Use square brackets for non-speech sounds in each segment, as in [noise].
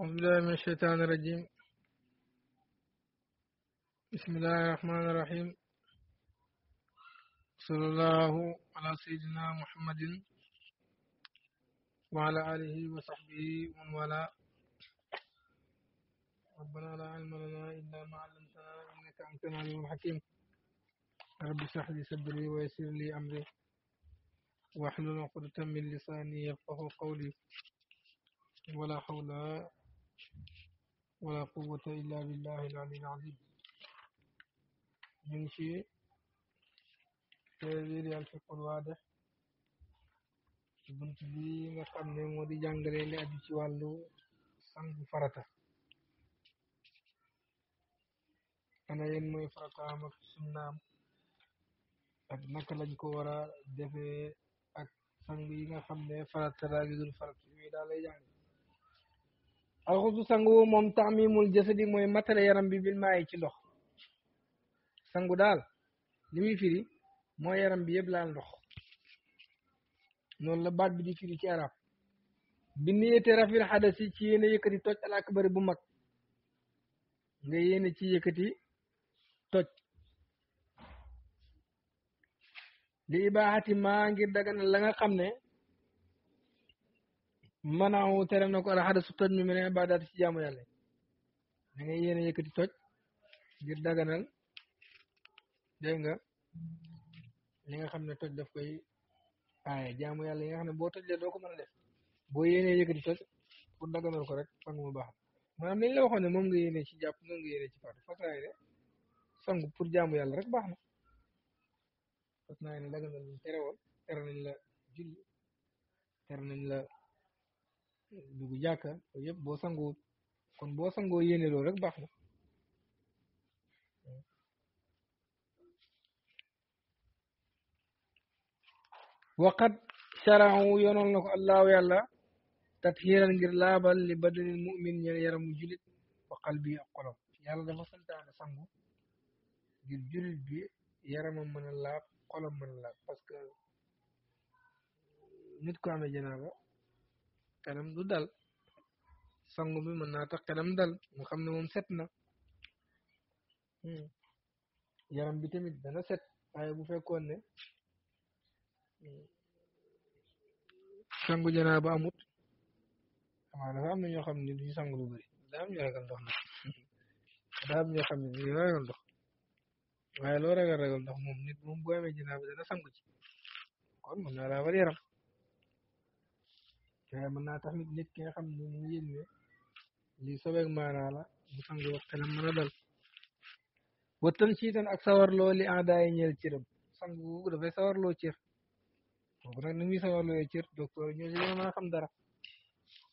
أعوذ بالله من الشيطان الرجيم بسم الله الرحمن الرحيم صلى الله على سيدنا محمد وعلى آله وصحبه ومن والاه ربنا لا علم لنا إلا ما علمتنا إنك أنت العليم الحكيم رب اشرح لي صدري ويسر لي أمري واحلل عقدة من لساني يفقه قولي ولا حول ولا قوة إلا بالله العلي العظيم نمشي تغيير الفقر واضح بنت بي ما خمني مودي جانغري لي ادي سي والو سانغ فراتا انا ين موي فراتا ما سنام اك نك لاج كو ورا ديفي اك سانغ ييغا خمني فراتا راغي دول فرات مي دالاي جانغ alxusu sangu moom taamimul jasadi mooy matale yaram bi bil maayi ci ndox sangu daal li muy firi yaram bi yëpp laal ndox noonu la baat bi di firi ci arab bi niyete rafil xadasi ci yéene yëkkati toj al bari bu mag nga yéene ci yëkkati toj li ibaaxati maa ngir daganal la nga xam ne manaaw tere na ko alxada su toj mi mene ibadaat ci jaamu yàlla da nga li nga xam ne toj def koy aaye jaamu yàlla yi nga xam ne boo tojlee doo ko mën def boo yéenee yëkkati toj pour daganal ko rek sangu mu baax maanaam liñ la waxoon moom nga yéenee ci jàpp moom nga yéenee ci parti fas naa ne sangu pour jaamu yàlla rek baax na fas naa na daganal tere woon tere nañ la julli tere nañ la dugg jàkka loolu yëpp boo sangoo kon boo sangoo yéene loolu rek baax na waqat sharaahu yoonal na ko allahu yàlla tatxiiran ngir laabal li badanil mumin ñeen yaramu julit wa qalbi ak xolam yàlla dafa santaane sangu ngir julit bi yaramam mën a laab xolam mën a laab parce que nit xelam du dal sangu bi mën naa tax dal mu xam ne moom set na hmm. yaram bi tamit dana set waaye bu fekkoon ne sangu janaa ba amut xamaa dafa am na ñoo xam ne duñu sangu lu bëri daa ragal ndox nag [laughs] daa ñoo xam ne duñu ragal ndox loo ragal ragal ndox moom nit moom bu amee janaa dana sangu ci kon mën naa laa war yaram fexe mën naa tax nit nit ki nga xam ne mu ngi yëg eh. ne lii sobeeg maanaa la bu sangoo xelam mën a dal wëttan ci itam ak sawarloo li aadaay ñeel cëram sang bu dafay sawarloo cër boobu nag ni muy sawarloo cër docteur ñoo si gën a mën a xam dara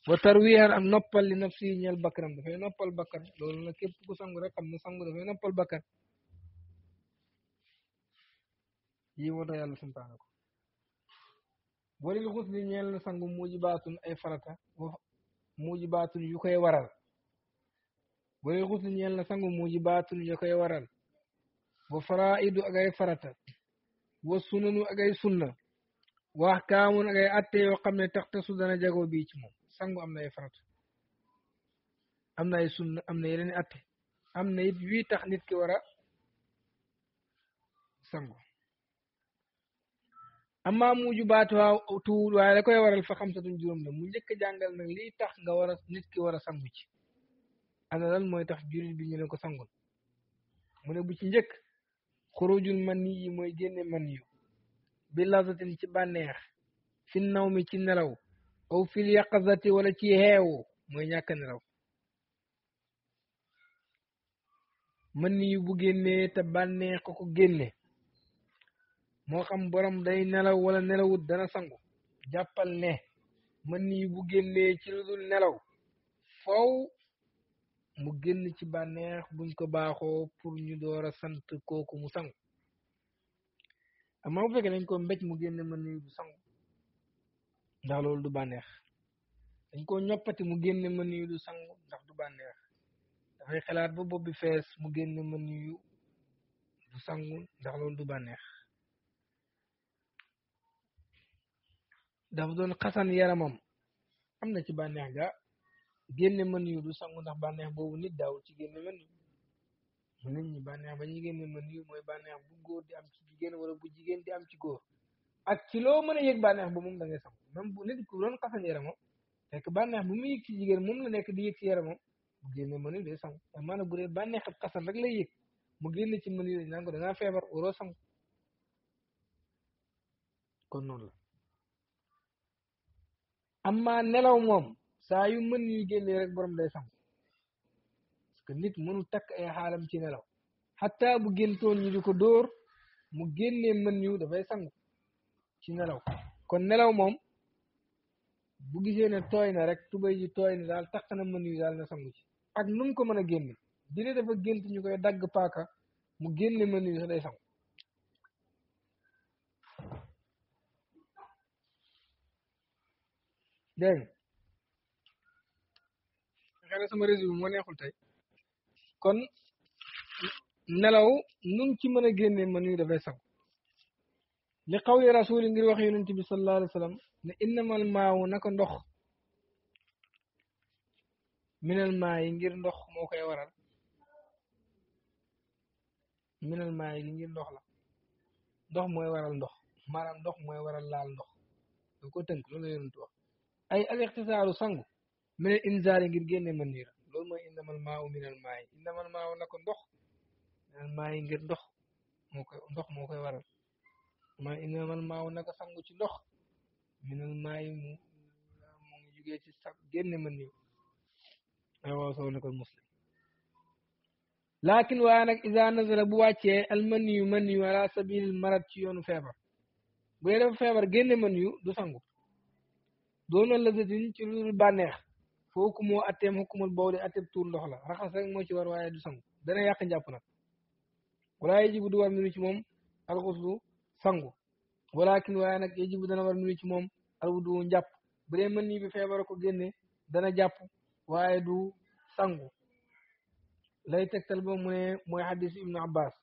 wa tarwiyan ak noppal li nafsi ñeel bakkanam dafay noppal bakkan loolu nag képp ku sangu rek xam ne sangu dafay noppal bakkan yii moo yàlla ko walil xusli ñeel na sangu muujibaatun ay farata muujibaatun yu koy waral walil xusli ñeel na sangu muujibaatun yu koy waral wa faraidu ak ay farata wa sunanu ak ay sunna wa ahkaamun ak atte yoo xam ne taxtasu dana jago bii ci moom sangu am na ay farata am na ay sunna am na yeneen atte na it yuy tax nit ki war a sangu amma mujubaatuhaa tuur waaye la koy waral fa xamsatun juróom la mu njëkk jàngal nag liy tax nga war a nit ki war a sangu ci ana lan mooy tax jurit bi ñu ne ko sangul mu ne bu ci njëkk xurujul man yi mooy génne man yu bi lazatin ci bànneex fi naw mi ci nelaw aw fil wala ci mooy ñàkk nelaw man yu bu génnee te bànneex ko ko génne moo xam borom day nelaw wala nelawut dana sangu jàppal ne mën nii bu génnee ci lu dul nelaw faw mu génn ci bànneex buñ ko baaxoo pour ñu door a sant kooku mu sangu amaa bu dañ ko mbéj mu génne mën nii du sangu ndax loolu du bànneex dañ ko ñoppati mu génne mën nii du sangu ndax du bànneex dafay xalaat ba bopp bi fees mu génne mën nii du sangu ndax loolu du bànneex dafa doon xasan yaramam am na ci bànneex ga génne mën yu du sangu ndax bànneex boobu nit daawul ci génne mën yu nit ñi bànneex ba ñu génne mën yu mooy bànneex bu góor di am ci jigéen wala bu jigéen di am ci góor ak ci loo mën a yëg bànneex ba moom da ngay sangu même bu nit ku doon xasan bu muy yëg ci jigéen moom la nekk di yëg ci yaramam bu génne mën de day sangu te maanaam bu dee bànneex ab xasan rek lay mu génne ci mën yu dañ naan feebar waroo sangu kon noonu la amma nelaw moom saa yu mën yu génnee rek borom day sangu parce que nit mënu takk ay xaalam ci nelaw xataa bu géntoon ñu di ko dóor mu génnee mën yu dafay sangu ci nelaw kon nelaw moom bu gisee ne tooy na rek tubay ji tooy na daal tax na mën yu daal na sangu ci ak nu ko mën a génne dina dafa gént ñu koy dagg paaka mu génne mën yu sax day sangu dégg nga xëy na kon nelaw nun ci mën a génne mën ñu dafay saw li xaw yi rasul ngir wax yonent bi sallallahu alayhi wa sallam ne innamal maawu naka ndox minal maa yi ngir ndox moo koy waral minal maa yi ngir ndox la ndox mooy waral ndox maanaam ndox mooy waral laal ndox ko tënk loolu la yonent ay al ixtisaaru sangu mine al ngir génne mën niira mooy innamal maaw minal maayi innamal maaw na ko ndox minal maayi ngir ndox moo koy ndox moo koy waral ma innamal maaw na sangu ci ndox minal maayi mu mu ngi jugee ci sab génne mën muslim laakin waaye nag isa nazara bu wàccee al mën yu mën sabilil marad ci yoonu feebar bu dee dafa feebar génne mën du sangu doona lëzatin ci lu dul bànneex foo ku moo atteem xukkumul boow di atteem tuur ndox la raxas rek moo ci war waaye du sangu dana yàq njàpp nag walaa yajibu du war minu ci moom alxuslu sangu walakin waaye nag yajibu dana war minu ci moom alwudu njàpp bu dee mën nii bi feebar ko génne dana jàpp waaye du sangu lay tegtal ba mu ne moy xadis ibnu abbas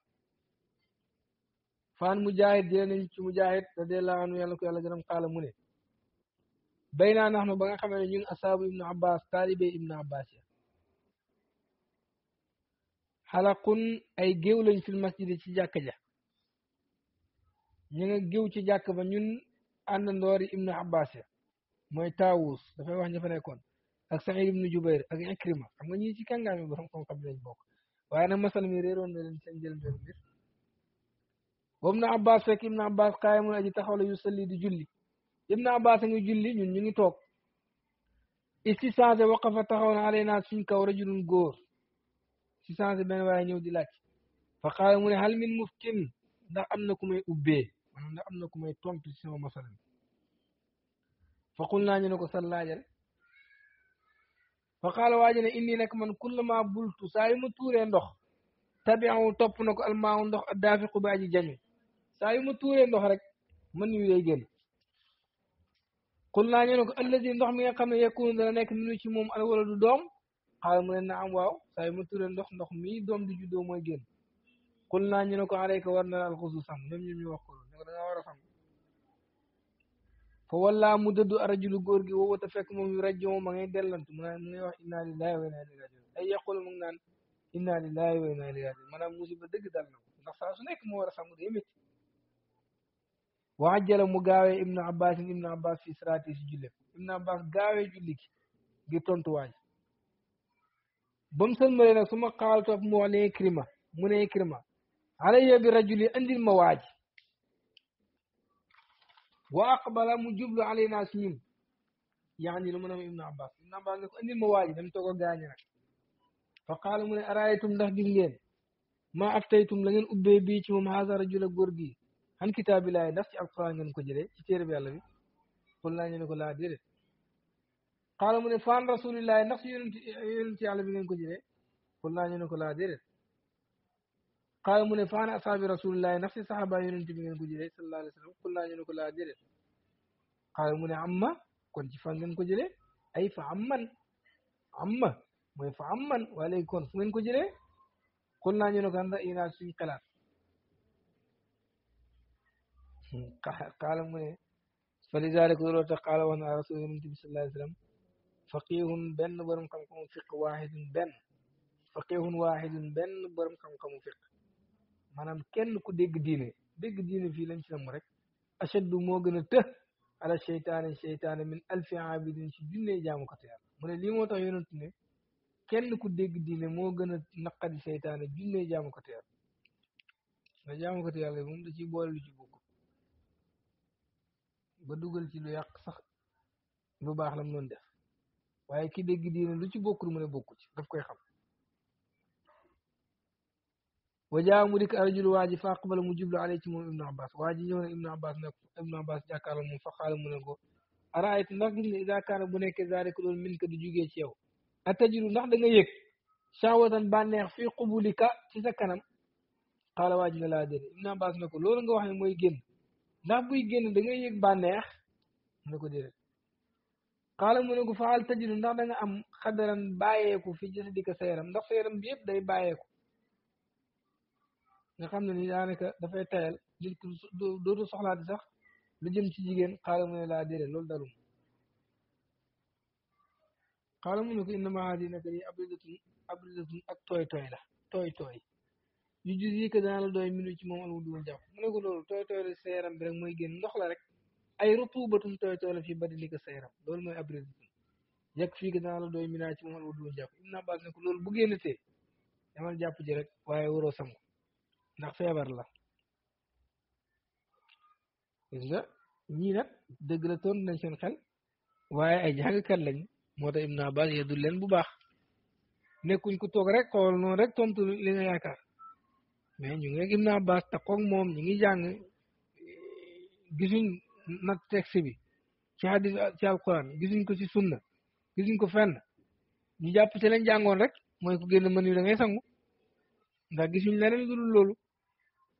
faan mujahid jëlee nañ ci mujahid radiyallahu anhu yàlla ko yàlla gërëm xaala mu ne bay naa nax nu ba nga xamee ne ñun asaabu ibnu abbas taalibe ibnu abbas ya xalaqun ay géew lañ fil masjid ci jàkk ja ñu nga géew ci jàkk ba ñun àndandoori ibnu abbas ya mooy taawus dafay wax ña fa nekkoon ak saïd ibnu jubair ak ikrima xam nga ñii ci kàngaami borom xam-xam lañ bokk waaye nag masal mi réeroon na leen seen jël mbir wa ibnu abbas fekk ibnu abbas qaayamun aji taxaw la yusalli di julli Ibn naa a ngi julli ñun ñu ngi toog istisaase waqafa taxaw na alay naa suñ kaw rajulun góor istisaase benn waaye ñëw di laaj fa xaala mu ne hal min muftin ndax am na ku may ubbee maanaam ndax am na ku may tontu ci sama masala fa qul naa ñu ne ko sal laajal fa xaala waaji ne indi nag man kullama bultu saa yu ma ndox ndox tabiawu topp na ko almaawu ndox addaafiqu ba aji jañu saa yu ma ndox rek man yu day génn قلنا ñu الذي ndox mi nga xam ne yekkuñu dana nekk nu ci moom al wala du doom xaal mu leen ne am waaw saay mu tuddee ndox ndox mi doom di عليك ورنا الخصوص سام نم نم يوكل نقول نعم رفعم فوالا مدد أرجل غورجي وهو تفك مم يرجو مم عند دلنا تمنا نيو إن الله وإن الله يرجو أي يقول مم نان إن الله وإن الله يرجو منا موسى بدك دلنا نفسه سنك مم رفعم ديمتي وعجل mu gaawee ibnu abbas ibnu abbas fi siraati si julle ibnu abbas gaawee julli gi ngir tontuwaay ba mu sëlmale nag su ma xaal topp mu wax ne kirima mu ne kirima alayya bi rajuli andil ma waaj wa aqbala mu jublu alayna si ñun yaani lu mu ne ma ibnu abbas ibnu abbas ne ko andil ma waaj dam toog a gaañe nag fa qaala mu ne araaytum ndax gis ngeen maa aftaytum la ngeen ubbee bii ci moom haasa rajula góor gii han kitaabi laay ndax ci alquran ngeen ko jëlee ci téere bi yàlla bi xul naa ñu ne ko laa déedéet xaala mu ne faan rasulillahi ndax ci yonent yonent yàlla bi ngeen ko jëlee xul naa ñu ne ko laa déedéet xaala mu ne faan asaabi rasulillahi ndax ci saxaaba yonent bi ngeen ko jëlee sallallahu alayhi wa sallam xul naa ñu ne ko laa déedéet xaala mu ne amma kon ci fan ngeen ko jëlee ay fa amman amma mooy fa amman waaye léegi kon fu ngeen ko jëlee xul naa ñu ne ko anda ina suñ xalaat قال فلذلك لولو قال وانا رسول يونت bi sallallahu alayhi wa sallam faqihun benn borom xam-xamu fiq waahidun benn faqihun waahidun benn borom xam-xamu fiq maanaam kenn ku dégg diine dégg diine fii lañ ci nam rek ashaddu moo gën a të ala cheytaani cheytaani min alfi abidin si junne jaamu ko yàlla mu ne lii moo tax yonent ne kenn ku dégg diine moo gën a naqadi cheytaani junne jaamu ko yàlla nga jaamu ko yàlla moom da ciy boole lu ci ba dugal ci lu yàq sax lu baax lam noonu def waaye ki dégg diine lu ci bokkul mu ne bokku ci daf koy xam wajaa mu dikk arajul waa ji fa aqbala mu jublu alay ci moom ibnu abbas waa ji ñëw na ibnu abbas ne ibnu abbas jàkkaarla moom fa xaala mu ne ko araaytu ndax gis ne ida kaana bu nekkee zaalik loolu min ka du jugee ci yow atajiru ndax da nga yëg shawatan bànneex fii qubulika ci sa kanam xaala waa ji ne laa déedéet ibnu abbas ne ko loolu nga wax ne mooy génn ndax buy génn dangay ngay yëg bànneex mu ne ko déedéet xaala mu ne ko faal tajidu ndax da am xadaran bàyyeeku fi jasadika sa yaram ndax sa bi yëpp day bàyyeeku nga xam ne ni daanaka dafay tayal nit ku sax lu jëm ci jigéen xaala ne laa déedéet loolu dalum xaala mu ne ko innama haadi naka ni abridatun abridatun ak tooy tooy la tooy tooy yu jus yi que dana la doy minu ci moom al wudu jàpp mu ne ko tooy tooy la sa yaram mooy génn ndox la rek ay rutubatun tooy tooy la ba di li ko sa loolu mooy abris yàgg fii que dana la doy minaa ci moom al wudu jàpp Ibn ko loolu bu génnatee demal jàpp ji rek waaye waroo sangu ndax feebar la gis nga ñii nag nañ seen xel waaye ay moo tax Ibn leen bu baax nekkuñ ku toog rek xool noonu rek tontu li nga mais ñu ngi ak Ibn Abbas takkoog moom ñu ngi jàng gisuñ nag texte bi ci gisuñ ko ci sunna gisuñ ko fenn ñu jàpp ci lañ jàngoon rek mooy ku génn mën yu da ngay sangu ndax gisuñ leneen lu dul loolu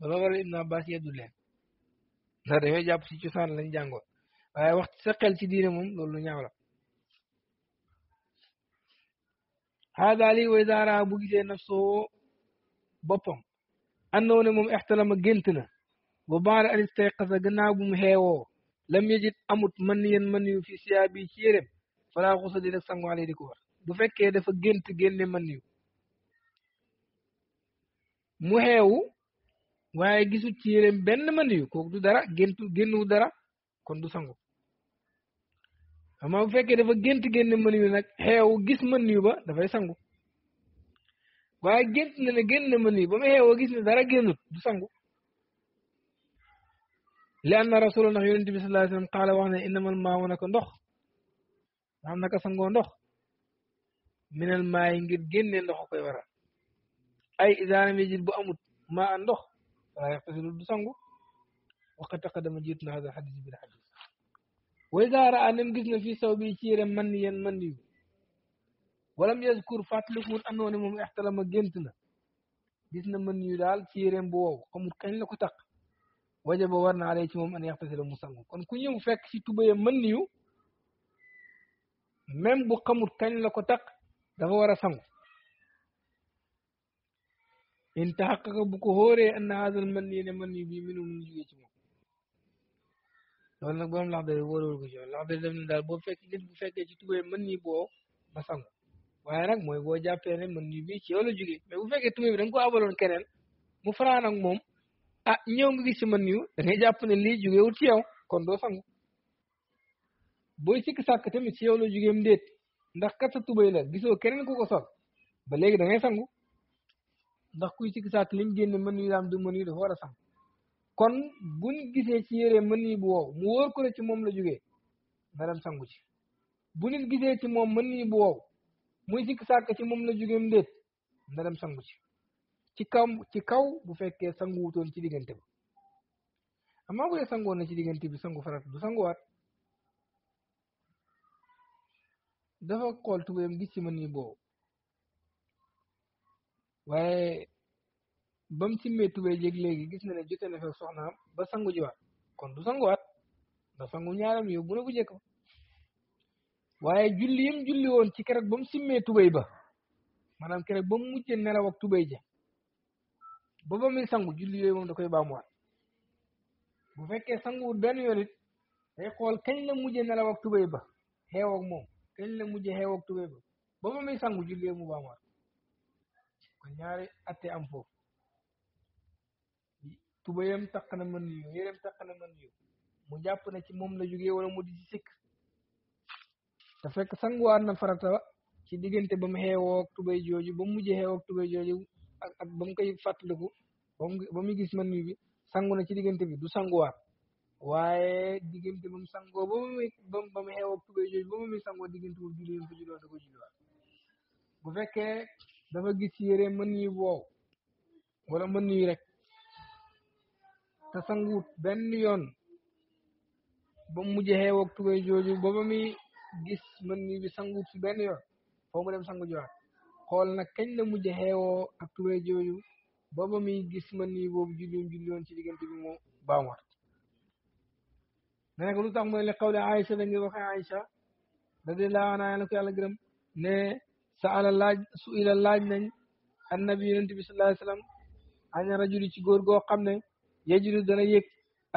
loolu waral Ibn Abbas yeddu leen ndax dañoo cosaan lañ jàngoon waaye wax sa si ci diine moom loolu lu ñaaw la xaadaali way daaraa bu gisee naf soo boppam annoo ne moom ixtalama gént na ba baada an istayqasa gannaaw bu mu xeewoo lam yejit amut man yéen man yu fi siyaa bi ci yérem falaa xusa di rek sangu ale di ko war bu fekkee dafa gént génne man yu mu xeewu waaye gisul ci yérem benn man yu kooku du dara géntu génnuwu dara kon du sangu ama bu fekkee dafa gént génne man yu nag xeewu gis man yu ba dafay sangu ಬಾಗಿನ್ ನನಗೆ ನಿಮ್ಮಲ್ಲಿ ಬೊಮ್ಮೆ ಹೋಗಿ ದರಗಿನ ಸಂಗು لأن رسول الله يونس صلى الله عليه وسلم قال وانا إنما الماء ونكن دخ نعم نكا سنغون دخ من الماء ينجد جن ينضخ في ورا أي إذا لم يجد بأمود ماء ندخ فلا يقتصد بسنغو وقد تقدم جيتنا هذا الحديث بالحديث وإذا رأى نمجدنا في صوبي كير من ين من يو ولم يذكر فاتلفون انه نم احترم جنتنا جسنا من يدال تيرم بو خمو كان لكو تاك وجب ورنا عليه موم ان يغتسل مصلى كون كو نيو فك سي من نيو ميم بو خمو كان لكو تاك دا فا ان تحقق بو كو هوري ان هذا المن ني من ني بي منو من جوي تي موم لول نك بام لاخ دا وورول كو جو لاخ دا دم دال بو فك نيت بو فك سي توبيه من ني بو waaye nag mooy boo jàppee ne mën yu bi ci yow la jógee mais bu fekke tuma bi da nga ko abaloon keneen mu faraan ak moom ah ñëw nga gis ci mën yu da ngay jàpp ne wu jógeewul ci yow kon doo sangu booy sikk sàkk tamit ci yow la jógeem déet ndax kat sa tubay la gisoo keneen ku ko sol ba léegi da ngay sangu ndax kuy sikk sàkk liñ génne mën yu daam du ma yu dafa war a sang kon buñ gisee ci yére mën yi bu ci moom la jógee nga dem sangu ci bu nit gisee ci moom mën yi bu wow muy sikk sàkk ci mom la jógeem déet na dem sangu ci ci kaw ci kaw bu fekkee sangu wutoon ci diggante ba amaa bu dee na ci diggante bi sangu farat du sanguwaat dafa xool tubéem gis ci mën ni boobu waaye ba mu simmee tubéy léegi gis na ne jote na ba sangu jiwaat kon du sanguwaat da sangu ñaaram yow bu ne bu jëkk waaye julli yim woon ci keroog ba mu simmee tubéy ba maanaam keroog ba mu mujjee nelaw ak tubéy ja ba ba muy sangu julli yooyu da koy baamuwaat bu fekkee sanguwut benn yoon it day xool kañ la mujjee nelaw ak ba xeew ak moom kañ la mujjee xeew ak ba ba ba muy sangu julli yooyu mu baamuwaat kon ñaari atte am foofu tubéyam taq na mën yu yéreem taq na mën mu jàpp na ci moom la jógee wala mu di ci sikk te fekk sanguwaat na farata ci diggante ba mu xeewoog tubay jooju ba mu mujjee xeewoog tubay jooju ak ak ba mu koy fàttaliku ba mu gis man bi sangu na ci diggante bi du sanguwaat waaye diggante ba mu sangoo ba mu ba mu sangoo diggante boobu julli ko julliwaat da ko dafa gis yére mën yu woow wala mën yu rek te sanguwut benn yoon ba mu mujjee xeewoog tubay jooju ba ba gis mën ni bi sangu si benn yoon foo mu dem sangu jowaat xool nag kañ la mujj xeewoo ak tubéy jooju booba mi gis mën ni boobu jullium julliyoon ci diggante bi mu baamuwaat ne ko lu tax mooy li xawle Aïcha da ngir waxe Aïcha radiyallahu anha yàlla ko yàlla gërëm ne sa ala laaj su ila laaj nañ annabi yonent bi sallallahu alayhi wasallam ana rajuli ci góor goo xam ne yejidu dana yëg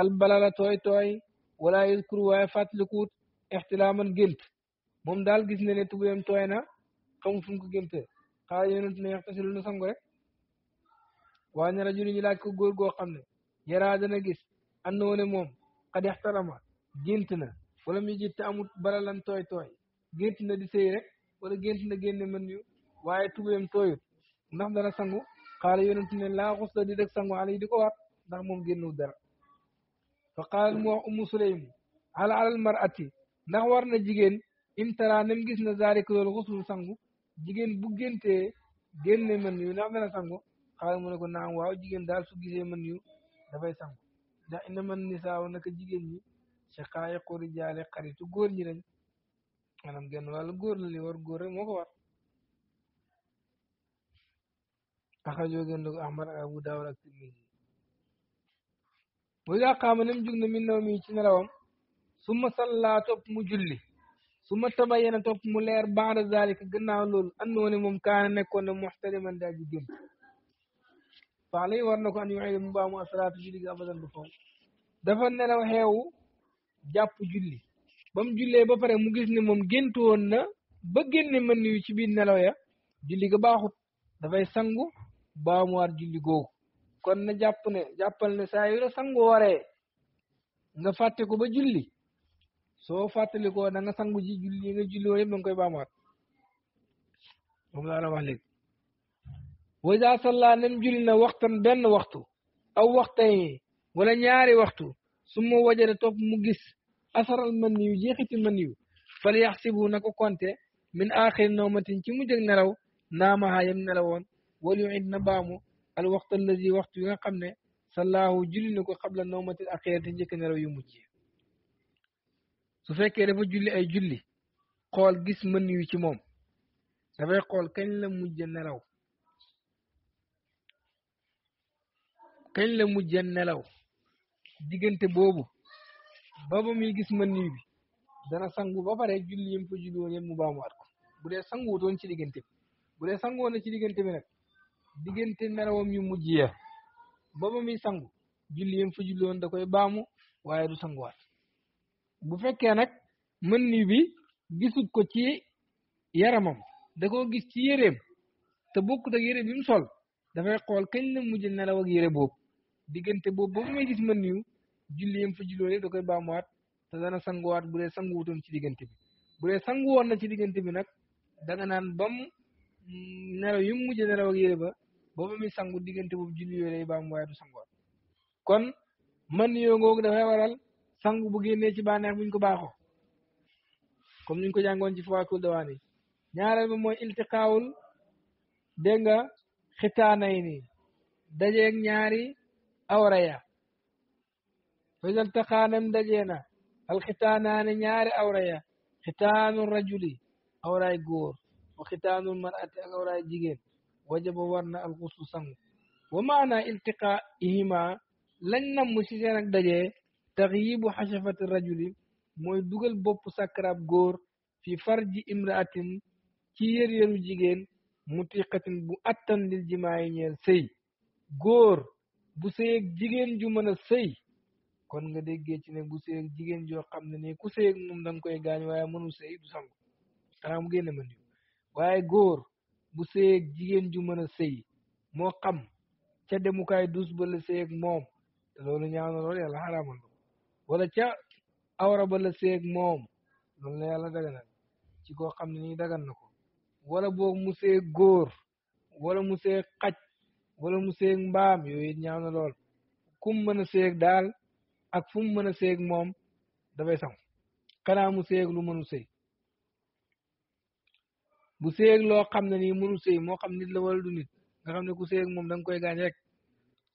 al balala tooy tooy wala yëzkuru waaye fàttalikuut ixtilaaman gént moom daal gis na ne tubéyam tooy na xamu fu mu ko génte xaa yonent ne na sangu rek waa ne rajulu ñu laaj ko góor goo xam ne yaraa dana gis andoo ne moom xad ixtarama gént na wala mu jitte amut bala lan tooy tooy gént na di sëy rek wala gént na génne mën yu waaye tubéyam tooyut ndax dana sangu xaala yonent ne laa xusla di sangu ala yi di ko waat ndax moom génnu dara fa qaal mu wax ummu ala marati ndax war na jigéen intara nem gis na zarik loolu xusul sangu jigéen bu géntee génne mën ndax dana sangu xaaral mu ne ko naam waaw jigéen daal su gisee mën yu dafay sangu ndax ina man nisaaw naka jigéen ñi shaqaayiqu rijaale xaritu góor ñi lañ maanaam genn wàllu góor la li war góor rek moo ko war axajoo gën na ko ahmad ak abu daawud ak tirmisi bu daa qaama nem jug na min naw mi ci nelawam summa salla topp mu julli summa tabayyana topp mu leer baada zalika gannaaw loolu annoo ne moom kaana nekkoon ne muxtaliman daa ji gém fa lay war na ko an yoxede mu mbaa mu asalaatu julli gi ba mu jullee mu gis moom géntu na ba génne mën ci biir nelaw ya julli ga dafay sangu baamuwaat julli googu kon na jàpp ne jàppal ne saa yu la sangu waree nga fàtte ko ba julli soo fàttalikoo na nga sangu ji julli yi nga julli woon yëpp da nga koy baamuwaat moom laa la wax léegi waja salla nem julli na waxtan benn waxtu aw waxtay wala ñaari waxtu su ma wajade topp mu gis asaral mën yu jeexiti mën yu fal yaxsibu na ko konte min axiri nawmatin ci mu jëg nelaw naamaha yem nelawoon wal yu it na baamu al waxtu allazi waxtu yi nga xam ne sallaahu julli na ko xabla nawmatin axirati njëkk nelaw yu mujjee su fekkee dafa julli ay julli xool gis mën yu ci moom dafay xool kañ la mujj nelaw kañ la mujj nelaw diggante boobu booba muy gis mën yu bi dana sangu ba pare julli yim ko julli woon yëpp mu baamuwaat ko bu dee sanguwutoon ci diggante bi bu dee sangoon na ci diggante bi nag diggante nelawam yu mujj ya booba muy sangu julli yim fa julli woon da koy baamu waaye du sanguwaat bu fekkee nag mën nii bi gisut ko ci yaramam da koo gis ci yéreem te bokkut ak yére bi mu sol dafay xool kañ la mujj nelaw ak yére boobu diggante boobu boobu may gis mën niyu julli yam fa julloo yëpp da koy baamuwaat te dana sanguwaat bu dee sanguwutoon ci diggante bu dee sangu woon na ci diggante bi nag danga naan bam nelaw yi mu mujj nelaw ak yére ba booba muy sangu diggante boobu julli yooyu lay baamuwaay du sanguwaat kon mën niyoo ngoogu dafay waral sang bu génnee ci bànneex buñ ko baxo comme niñ ko jangon ci fawaakul kul dawani ñaaral bi moy iltiqaul de nga xitaanay ni ak ñaari awraya faisal taqaanam dajee al khitanani ñaari awraya khitanu rajuli awray góor wa xitaanul marati awray jigen wajaba warna al ghusl sangu wa maana iltiqaihima lañ namm ci seen ak dajee taxyibu xasafati rajuli mooy dugal bopp sakaraab góor fi farji imraatin ci yër yëru jigéen mutiqatin bu attan lil jimaa yi ñeel sëy góor bu sëyeeg jigéen ju mën a sëy kon nga déggee ci ne bu sëyeeg jigéen joo xam ne ni ku sëyeeg moom danga koy gaañ waaye mënul sëy du sangu xanaa mu génne mën góor bu sëyeeg jigéen ju mën a sëy moo xam ca demukaay dus ba la moom te loolu ñaaw na loolu yàlla xaraamal wala ca awra ba la seeg moom loolu la yàlla daganal ci koo xam ne nii dagan na ko wala boog mu seeg góor wala mu seeg xaj wala mu seeg mbaam yooyu it na lool kum mën a seeg daal ak fu mu mën a seeg moom dafay sangu xanaa mu seeg lu mënu sëy bu seeg loo xam ne nii mënu sëy moo xam nit la wala du nit nga xam ne ku seeg moom da koy gaañ rek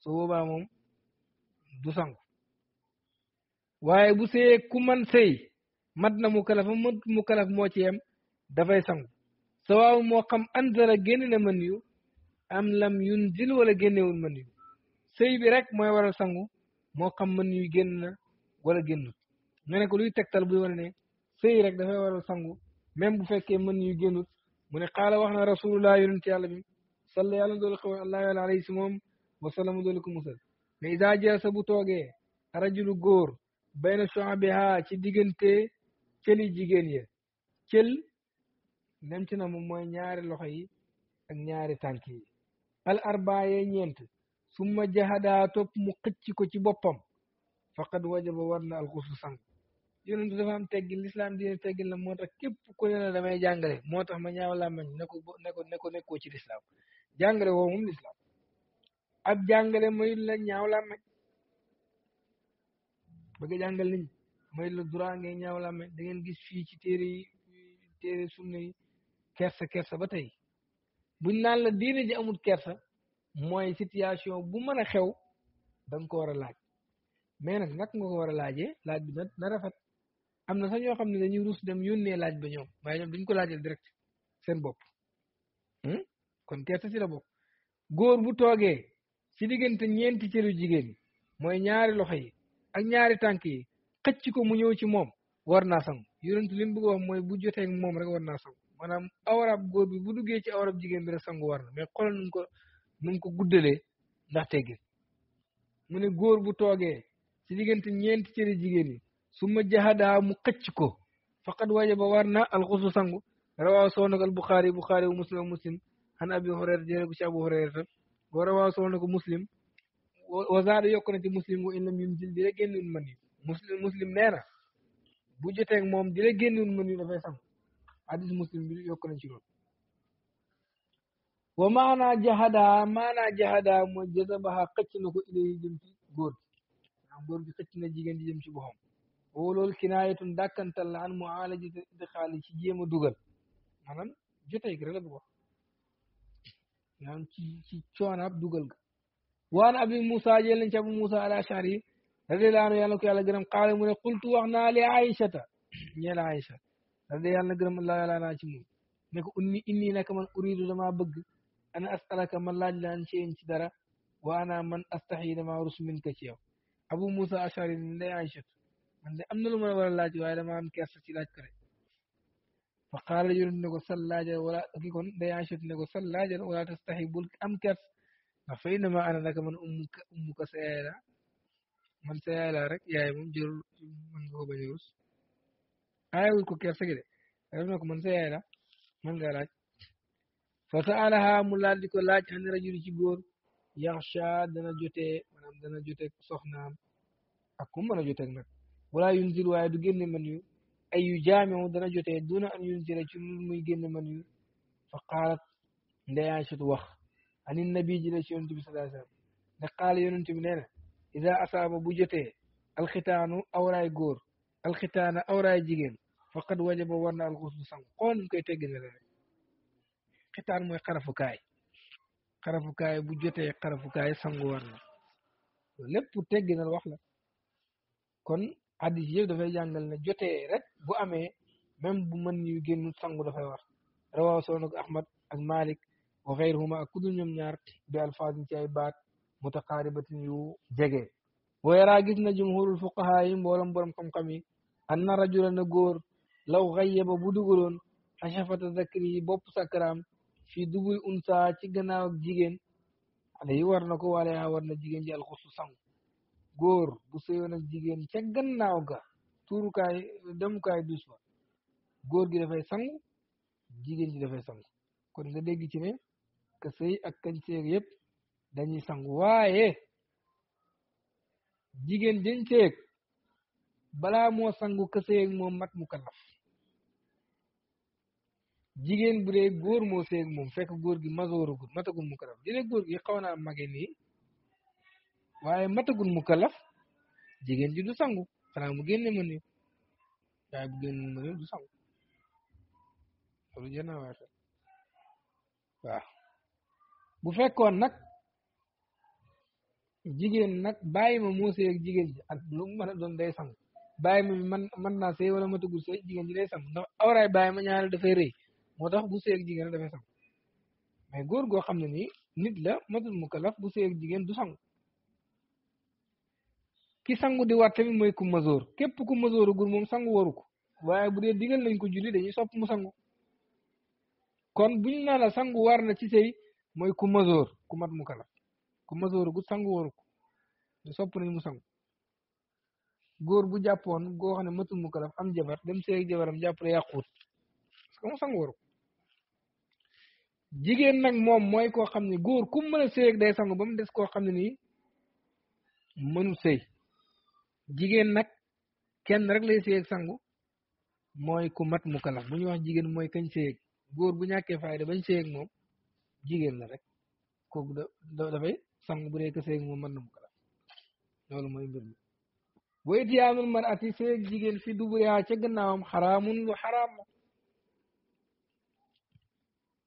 soo boobaa moom du sangu waaye bu sëyee ku man sey mat na mu kalaf mat mu kalaf moo ci yem dafay sangu sawaaw moo xam anzala génne na mën yu am lam yunzil wala génnewul mën yu sëy bi rek mooy waral sangu moo xam mën yu génn na wala génnut nga ne ko luy tegtal buy wane ne sëy rek dafay waral sangu même bu fekkee mën yu génnut mu ne xaala wax na rasulullah yonent yàlla bi salla yàlla doolu xew allah yàlla alayhi si moom wasalama doolu ko musal mais ja sa bu toogee rajulu góor bayna shu'abiha ci diggante cëli jigéen ya cël nem ci na moom mooy ñaari loxo yi ak ñaari tànk yi al arbaa yee ñeent summa jahadaa topp mu xëcc ko ci boppam faqad wajaba war na alxuslu sang yonentu dafa am teggin lislaam teggi teggin la moo tax la damay jàngale moo tax ma ñaaw làmmañ ne ko ne ko ne ko nekkoo ci lislaam jàngale woo moom lislaam ab jàngale mayul la ñaaw làmmañ bëgg a jàngal nit ñi may la droit ngay ñaaw làmme da ngeen gis fii ci téere yi téere sunna yi kersa kersa ba tey buñ naan la diine ji amul kersa mooy situation bu mën a xew da ko war a laaj mais nag naka nga ko war a laajee laaj bi nag na rafet am na sax ñoo xam ne dañuy ruus dem yónnee laaj ba ñoom waaye ñoom dañ ko laajal direct seen bopp hmm? kon kersa si la bopp góor bu toogee si diggante ñeenti cëru jigéen mooy ñaari loxo yi ak ñaari tànk yi xëcc ko mu ñëw ci moom war naa sangu yonent li mu bëgg wax mooy bu jotee moom rek war naa sangu maanaam awrab góor bi bu duggee ci awrab jigéen bi rek sangu war na mais xoolal nu mu ko nu mu ko guddalee ndax teggin ne góor bu toogee ci diggante ñeenti cëri jigéen yi su ma jaxadaa mu xëcc ko faqad wajaba war na alxusu sangu rawaaw sowna ko al buxaari bu muslim muslim an abi hurayrata jële ko ci abu hurayrata wa rawaaw sowna ko muslim wazaada yokk na ci muslim wa in lam yunzil di la génnun muslim muslim nee bu joteeg moom di la génnun mën yi dafay sam hadis muslim bi yokk na ci loolu wa maanaa jahadaa maanaa jahadaa mooy jazabaha xëcc na ko ilay jëm ci góor gi am góor gi xëcc na jigéen di jëm ci boppam woo loolu kinaayatun la an mu alajata idxaali ci jéem a dugal maanaam joteeg rek la bu ci ci coonaab dugal ga waan abi Moussa jëlee ci abu Moussa al-Ash'ari radiyallahu anhu yàlla na ko yàlla gërëm qaala mu ne qultu wax naa li Aïchata ñeel Aïcha radiyallahu anha gërëm Allah yàlla naa ci moom ne ko inni inni naka man uridu damaa bëgg ana as'alaka man laaj laan ci ci dara wa ana man astahi damaa rus minka ci yow abu Moussa al-Ash'ari ne ndey Aïchata man de am na lu ma war a laaj waaye damaa am kersa ci laaj ko rek fa qaala yonent ne ko sal laajal wala ki kon ndey Aïchata ne ko sal laajal wala tastahi bul am kersa أنا أنا لك من أمك أمك سيالة من سيالة رك يا من جر من هو بجوز أي أقول كي أسكت أقول من سيالة من قال فسألها ملاذك لا تهني رجل يجور يخشى دنا جوتة من دنا جوتة سخنام أكون من جوتة نك ولا ينزل واحد جن من يو أي جامع دنا جوتة دون أن ينزل جن من فقالت لا يعيش وقت عن النبي جل شيء أنت بسلاسل نقال ينت منين إذا أصاب بوجته الختان أو راي جور الختان أو راي جيجين فقد وجب ورنا الغسل سان قون كي تجن ختان مي قرف كاي قرف كاي بوجته قرف كاي سان ورنا لب تجن الوحلا كون حديث يجب دفع جانجل نجته رك بو أمي من بمن يجن سان ورنا رواه سونك أحمد المالك wa xeyruhuma ak kudul ñoom ñaar bi alfaasin ci ay baat mutaqaaribatin yu jege wayara gis na jumhurul fuqaha yi mboolam borom xam-xam yi anna rajula na góor law xayyaba bu dugaloon xashafata zakri yi bopp sakram fii dubul unsa ci gannaaw ak jigéen alayhi war na ko wala war na jigéen ji alxusu sangu góor bu sëyoon ak jigéen ca gannaaw ga tuurukaay demukaay dus gi dafay sangu jigéen ji dafay sangu kon nga dégg ci ka sëy ak kañ seeg yëpp dañuy sangu waaye jigéen jën seeg balaa moo sangu ka sëy mat mu kallaf jigéen bu dee góor moo seeg moom fekk góor gi masooragul matagul mu kallaf dina góor gi xaw naa mage nii waaye matagul mu jigéen ji du sangu xanaa mu génne mën ni waaye bu génne mën du sangu loolu bu fekkoon nag jigéen nag bàyyi ma mu sëy ak jigéen ji ak lu mu mën a doon day sang bàyyi ma man mën naa sëy wala matagul sëy jigéen ji day sang ndax awraay bàyyi ma ñaareel dafay rëy moo tax bu sëy ak jigéen dafay sang mais góor goo xam ne nii nit la matul mu kalaf bu sëy ak jigéen du sang ki sangu di war tamit mooy ku mazur képp ku mazur gur moom sangu waru ko waaye bu dee digal lañ ko julli dañuy sopp mu sangu kon buñ naa la sangu war na ci sëy mooy ku masoor ku mat mu kalaf ku masoor gu sangu waru ko du sopp nañ mu sangu góor bu jàppoon goo xam ne matul mu kalaf am jabar dem seeg jabaram jàppale yàquut parce que mu sangu waru ko jigéen nag moom mooy ko xam ne góor ku mën a day sangu ba mu des koo xam ne nii mënul sëy jigéen nag kenn rek lay seeg sangu mooy ku mat mu kalaf bu ñuy wax jigéen mooy kañ seeg góor bu ñàkkee fayda bañ seeg moom jigéen la rek kooku da dafay sangu bu dee sëy moom mën na mu ko def loolu mooy mbir mar ati sëy jigéen fi duburiha ca gannaawam xaraamun lu xaraam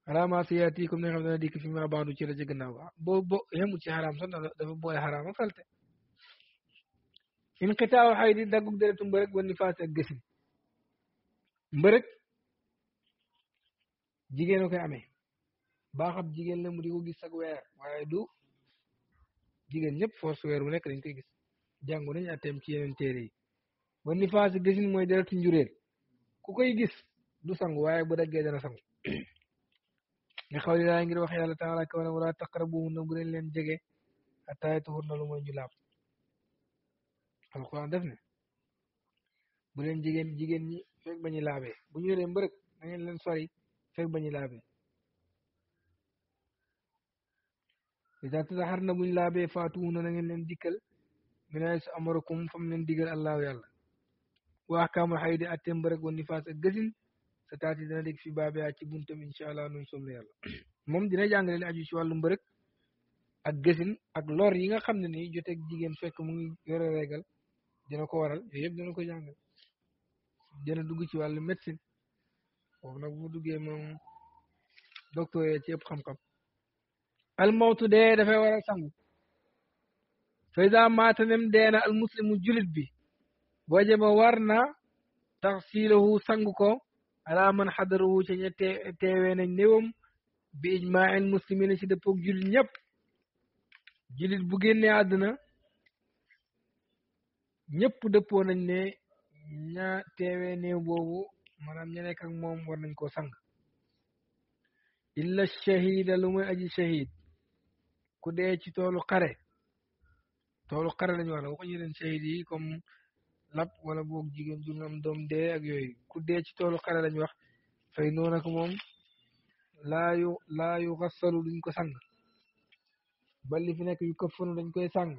xaraama si yaati comme ni nga xam ne dana dikk fi mu rabaandu ci ca gannaaw ba bo yemul ci xaraam sax dafa boole xaraama falte in xitaaw xay di daggug deretu mbërëg wa nifaas ak gësin mbërëg jigéen a koy baaxab jigéen la mu di ko gis ak weer waaye du jigéen ñëpp force weer bu nekk dañ koy gis jàngu nañu atteem ci yeneen yi ba ni faasi gësin mooy deretu njuréel gis du sangu waaye bu daggee dana sangu nga xaw li laa ngir wax yàlla taala kawana wala taqrabuhunna bu leen leen jege attaay tuhunna lu mooy ñu laab alquran def ne jigéen jigéen ñi fekk ba ñu laabee bu na ngeen leen sori fekk ba ñu iza tasaxar na laa laabee faatuhuna na ngeen leen dikkal minay su amarakum fam leen digal allahu yàlla wa ahkaamul xayd atte mbërëg wa nifaas ak gësin sa taati dana dégg fi baabiyaa ci buntam incha allah nuñ somne yàlla moom dina jàngale li aju ci wàllu mbërëg ak gësin ak lor yi nga xam ne nii joteeg jigéen fekk mu ngi yore régal dina ko waral yooyu yëpp dina ko jàngal dina dugg ci wàllu médecine foofu nag bu duggee moom docteur yee ci ëpp xam-xam almawtu dee dafay war a sangu fa iza maata nem deena almuslimu julit bi wajaba war na taxsiilahu sangu ko ala man xadaruhu ca ña teewee nañ néwam bi ijmail muslimina ci dëppoog julit ñëpp julit bu génnee àdduna ñëpp dëppoo nañ ne ña teewee néew boobu maanaam ña nekk ak moom war nañ ko sang illa shahida lu muy aji shahid ku dee ci toolu xare toolu xare lañu wax ne waxuñu yeneen comme lab wala boog jigéen ju am doom dee ak yooyu ku dee ci toolu xare lañu wax fay noonu ak moom laayu laayu xassalu duñ ko sang ba li fi nekk yu ko fanu dañ koy sang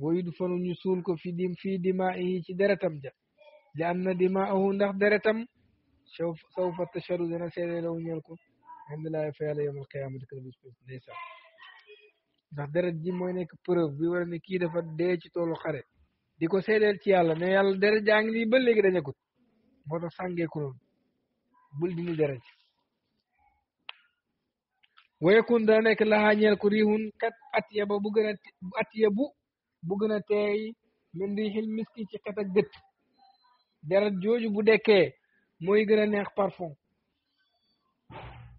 woyu du fanu ñu suul ko fi dim fii dima yi ci deretam ja li am na dima ahu ndax deretam saw fa tashadu dana seede lawu ñeel ko alhamdulilah fa yàlla yowmal qiyaamati ndax deret ji mooy nekk preuve bi war ne kii dafa dee ci toolu xare di ko seedeel ci yàlla ne yàlla deret jaa ngi ba léegi dañekut moo tax ko noonu bul di ñu deret wayekun dana nekk laxaa ñeel ko kat atiya ba bu gën a atiya bu bu gën a teey min riixil miski ci xet gët deret jooju bu dekkee mooy gën a neex parfum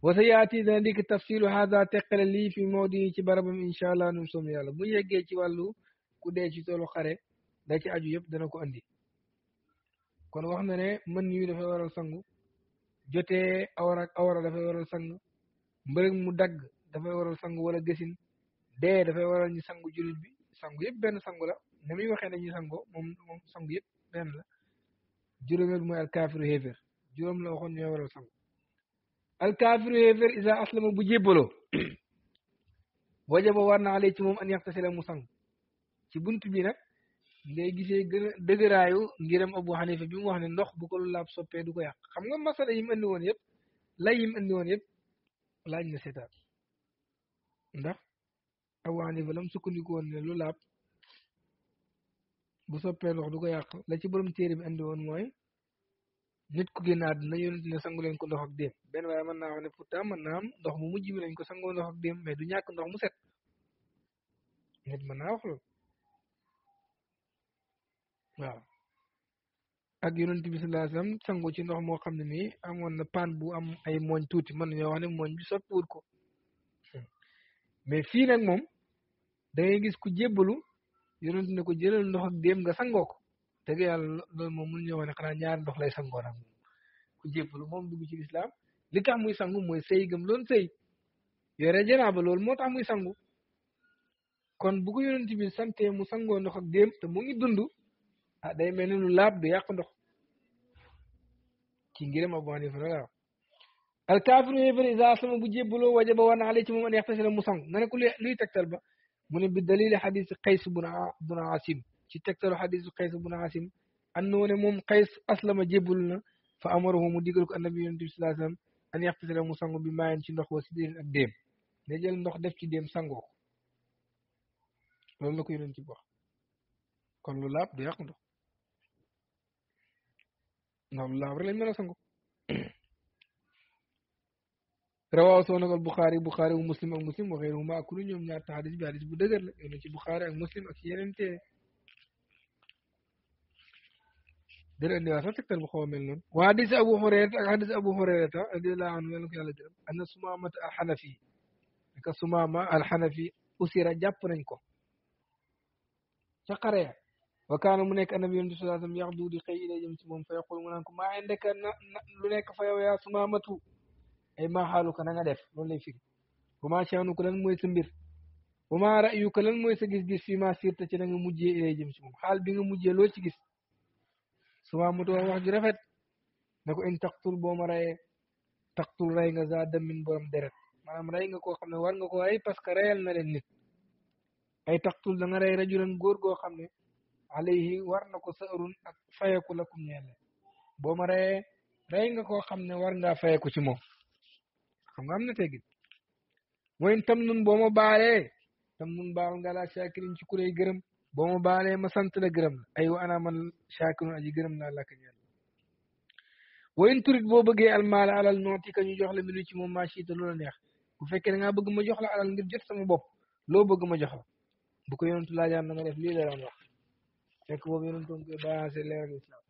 wasayaati dana dikk tafsilu hada teqale lii fi mawdi ci barabam incha allah num som yàlla bu ñu yeggee ci wàllu ku dee ci toolu xare da ci aju yëpp dana ko andi kon wax na ne mën yu dafay waral sangu jotee awara ak awara dafay waral sang mbërëg mu dagg dafay waral sangu wala gësin dee dafay waral ñu sangu jullit bi sangu yëpp benn sangu la ne muy waxee ne ñu sangoo moom moom sangu yëpp benn la juróomeel juróom la waxoon ñooy waral sangu alkaafiru yéefér isa aslama bu jébbaloo wajaba war na ale ci moom an yaxtasila mu sang ci bunt bi nag ngay gisee gën a dëgëraayu ngiram abu xanifa bi mu wax ne ndox bu ko lu laab soppee du ko yàq xam nga masala yim andi woon yëpp lay yim andi woon yëpp laaj na seetaat ndax abu xanifa lam sukkandiku woon ne lu ko yàq la ci borom téere bi andi woon mooy nit ku génn àdduna yonent ne sangu leen ko ndox ak déem benn waaye mën naa wax ne pourtant am ndox mu mujj bi lañ ko sangoo ndox ak déem mais du ñàkk ndox mu set nit mën naa wax loolu waaw ak yonent bi sallallahu alayhi sangu ci ndox moo xam ne nii amoon na paan bu am ay mooñ tuuti mën nañoo wax ne mooñ bi soppiwul ko mais fii nag moom da ngay gis ku jébbalu yonent ne ko jëlal ndox ak déem nga sangoo dëgg yàlla loolu moom mën ñoo wax ne xanaa ñaari ndox lay sangoo nag moom ku jébbalu moom dugg ci lislaam li tax muy sangu mooy sëy gëm loon sëy yore janaaba loolu moo tax muy sangu kon bu ko yonent bi sante mu sangoo ndox ak déem mu ngi dund ah, day mel ne lu laab du yàq ndox ci ngirëm Abu Hanifa la waaw al kaafiru yéefar isa sama bu jébbaloo wajaba war na ale ci moom an yaxtasila mu nga ne ko luy tegtal ba mu ne bi dalil xadis xays bun asim ci tegtalu xadisu qais ibn asim annoo ne moom qays aslama jébbul fa amaruhu mu digal ko annabi yunus sallallahu alayhi wasallam an yaxtasila mu sangu bi mayen ci ndox wa si ak dem ne jël ndox def ci dem sangoo ko la ko yunus ci wax kon lu lab du yàq ndox nam lu laab rek mëna mën a sango rawaaw soo nag al buxaari muslim ak muslim wa ghayruhuma ak kulu ñoom ñaar ta xadis bi hadith bu dëgër la yonent ci bukhari ak muslim ak yenen téere dina indiwaat sax tegtal bu xaw a mel noonu wa hadis abu hurayrata ak hadis abu hurayrata radiallahu anhu yàlla ko yàlla jërëm anna sumaamata alxanafi naka sumaama alxanafi usira jàpp nañ ko ca xare ya wa kaana mu nekk annabi yonent sallallahu alayhi wasallam yaxdu di xëy ilay jëm ci moom fa yaqul mu naan ko maa indaka na lu nekk fa yow yaa sumaamatu ay maa xaaluka na nga def loolu lay firi wa maa shaanuka lan mooy sa mbir wa maa ra'yuka lan mooy sa gis-gis fii maa sirta ci na nga mujjee ilay jëm ci moom xaal bi nga mujjee loo ci gis suba mu doon wax ju rafet na ko in taqtul boo ma rayee taqtul ray nga za damin borom deret maanaam rey nga koo xam ne war nga ko rey parce que reyal na leen nit ay taqtul da nga rey rajulan góor goo xam ne alayhi war na ko saarun ak fayeku lakum ñeel boo ma reyee nga koo xam ne war ngaa fayeku ci moom xam nga am na teggin mooy tam nun boo ma baalee tam nun baal nga laa shakirin ci kurey gërëm بوم بالي ما سنت لغرم ايوا انا من شاكن اجي غرم لا لكن يلا وين تريد بو بغي المال على النوتي كني جوخ لي ملي مو ماشي تو لولا نيه بو فكي نغا بغ ما جوخ لا على ندير جيت سما بوب لو بغ ما جوخ بو كو يونت لا جان نغا ديف لي لا رون واخ فك بو يونت كون كي باس لير الاسلام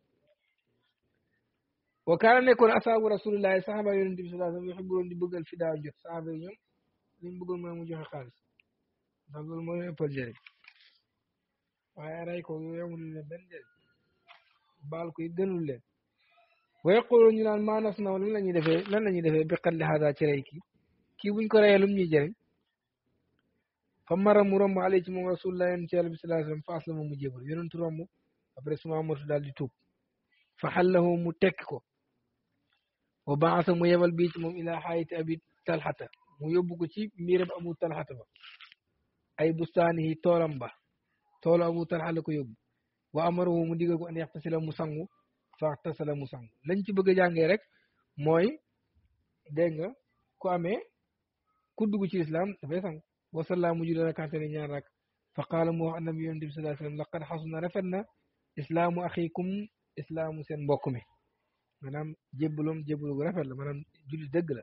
وكان نيكون اصحاب رسول الله صحابه يونت بي صلى الله عليه وسلم يحبون دي بغل فداء جوخ صحابه نيم نيم بغل ما مو جوخ خالص دا بغل ما يفجر waaye rey ko yowul ne benn dee baal ko it gënul leen wa yaqulu ñu naan maa nas naw lan la ñuy defee lan la ñuy defee bi xatli haada ci rey kii kii buñ ko reyee lum ñuy jëriñ fa mara mu romb alay ci moom rasulullah yonent yàlla bi salaa sallam fa aslama mu jébal yonentu romb après suma mortu daal di tuub fa xallahu mu tekk ko wa baasa mu yebal bii ci moom ilaa xaayiti abi talxata mu yóbbu ko ci miiram abu talxata ba ay bustaanihi toolam ba tolo mu talxa la ko yob wa amaru mu digal ko an yaxtasila mu sangu faxtasala mu sangu lañ ci bëgg a jàngee rek mooy dégg nga ku amee ku dugg ci islam dafay sang wa sallamu jula julli rakkaate ne ñaar rak fa qala mu wax annabi yonent bi sallallahu alayhi wasallam laqad xasuna rafet na islaamu axiikum islaamu seen mbokk mi maanaam jébbalom jébbalu gu rafet la maanaam julli dëgg la